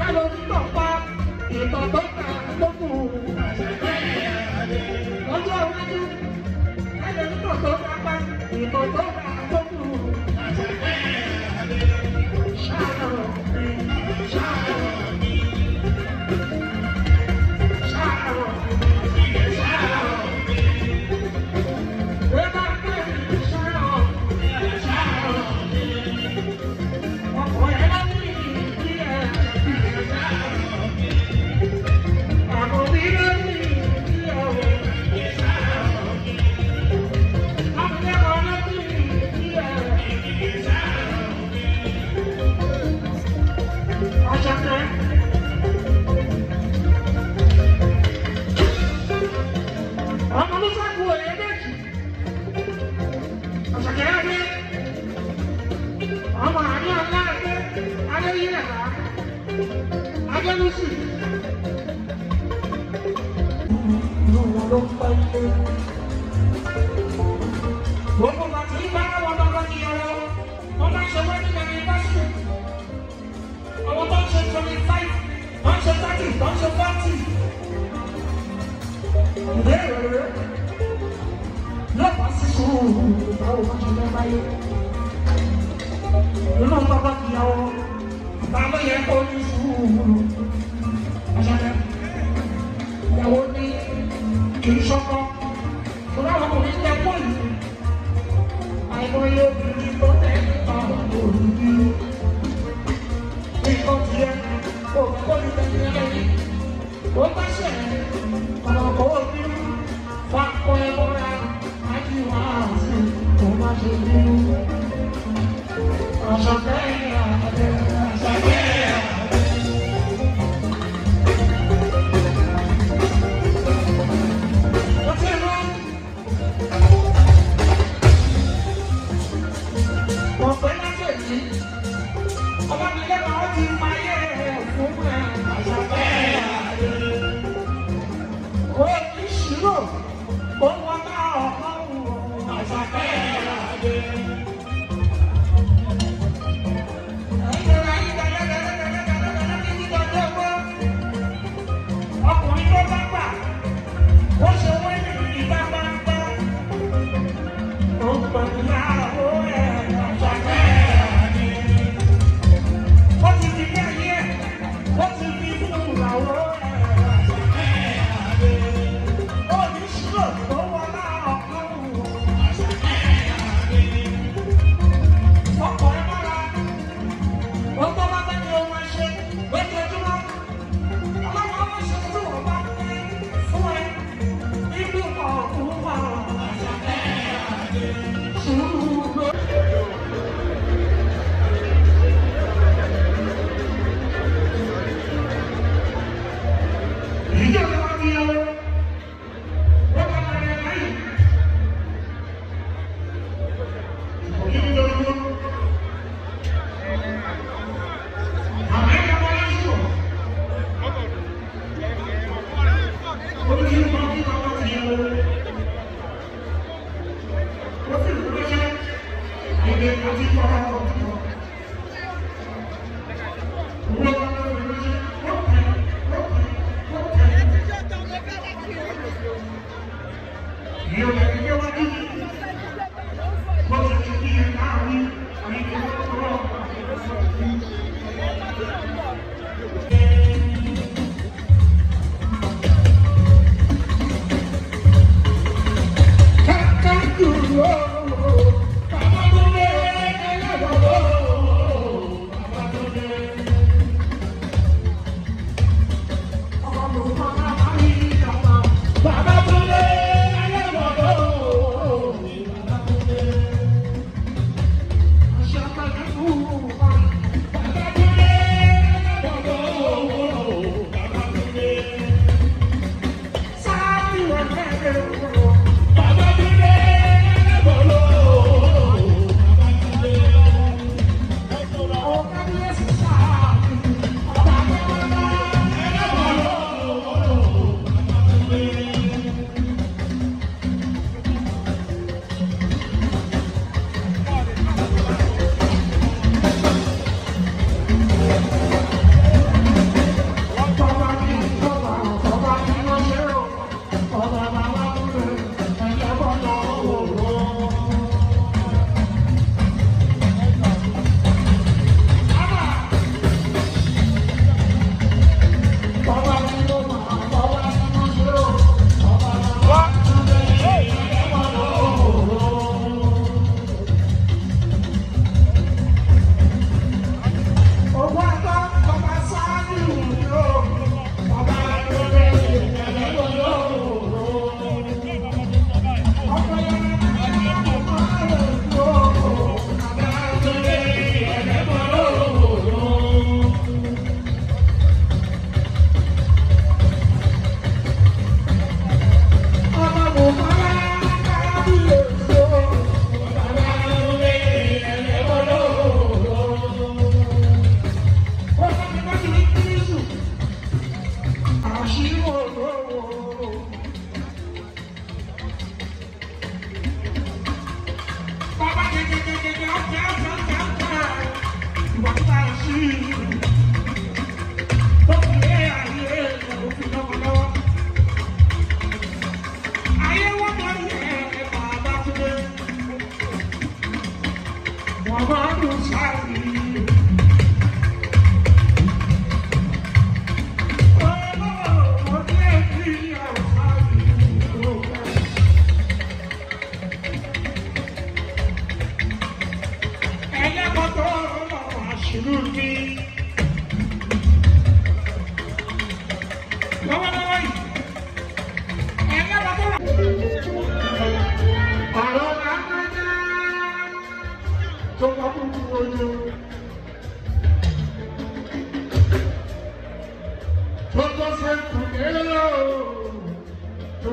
lálọ́ títọ̀ pa Adẹ́nusì. Inú wọn ló ń pẹ́ lé. Gbogbo bàtí bá wọn lọ́kọ́ ní ọwọ́, wọ́n bá ṣe wẹ́ẹ̀dì bẹ̀rẹ̀ lọ́sùn. Àwọn tó ń ṣe twenty five, wọ́n ṣe thirty, wọ́n ṣe forty. Ìbéèrè rẹ̀ lọ́pàá sí sùúrù báwo bá ṣe lẹ́ báyé. Inú wọn bá bá fi yà wọ́n àmọ́ yẹn kò ní sùúrù ọ̀sọ̀rọ̀ ìyàwó ní kì í sọ́kọ́ fún àwọn ọkùnrin tẹ pọ̀ yìí àìmọye obìnrin tó tẹ̀ ọ̀rọ̀ òru bí i nǹkan ti yẹ kó kó ní tẹ̀lé ẹ̀yìn ó bá ṣẹ̀ ọ̀nà kó o bí fa kọ́ ẹ mọ́ra àti wàá sí tó má ṣe bí ọ̀sọ̀rọ̀. Thank mm-hmm. you. You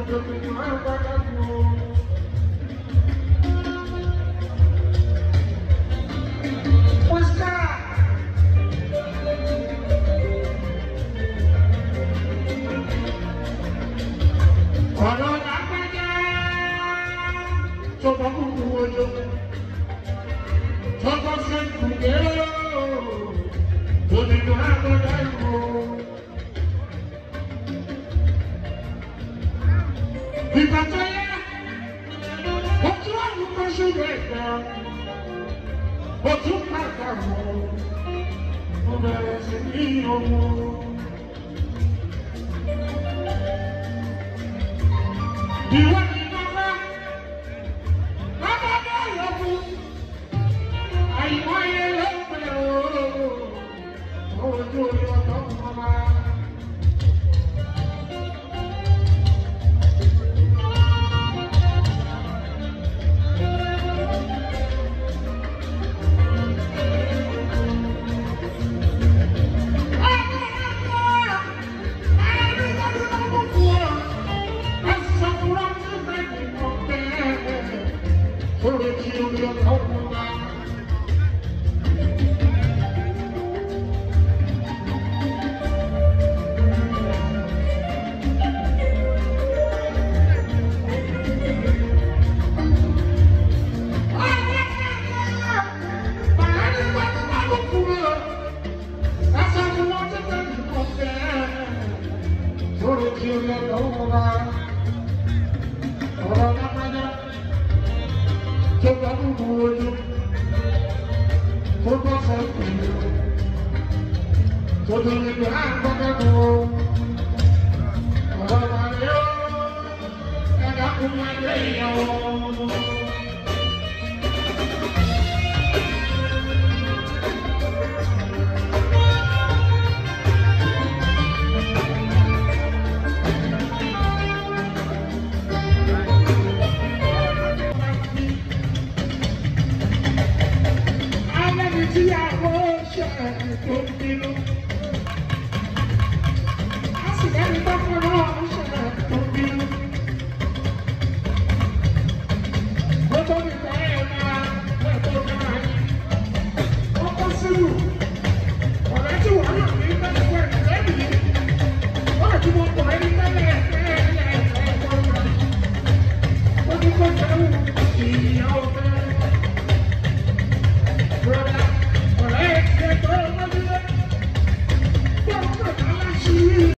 Thank you. If you, you want lórí kí orí ọ̀dọ̀ ó wọ́n bá ọ̀rọ̀ lápájá tó bá dùnkù ojú tó bá sọ ìpìlẹ̀ tó tó lè gbé àgbọ̀dọ̀ tó ọ̀rọ̀ wà ní ó ẹ̀dá kún máa lé ìyàwó. I worship fulfill. I see everybody on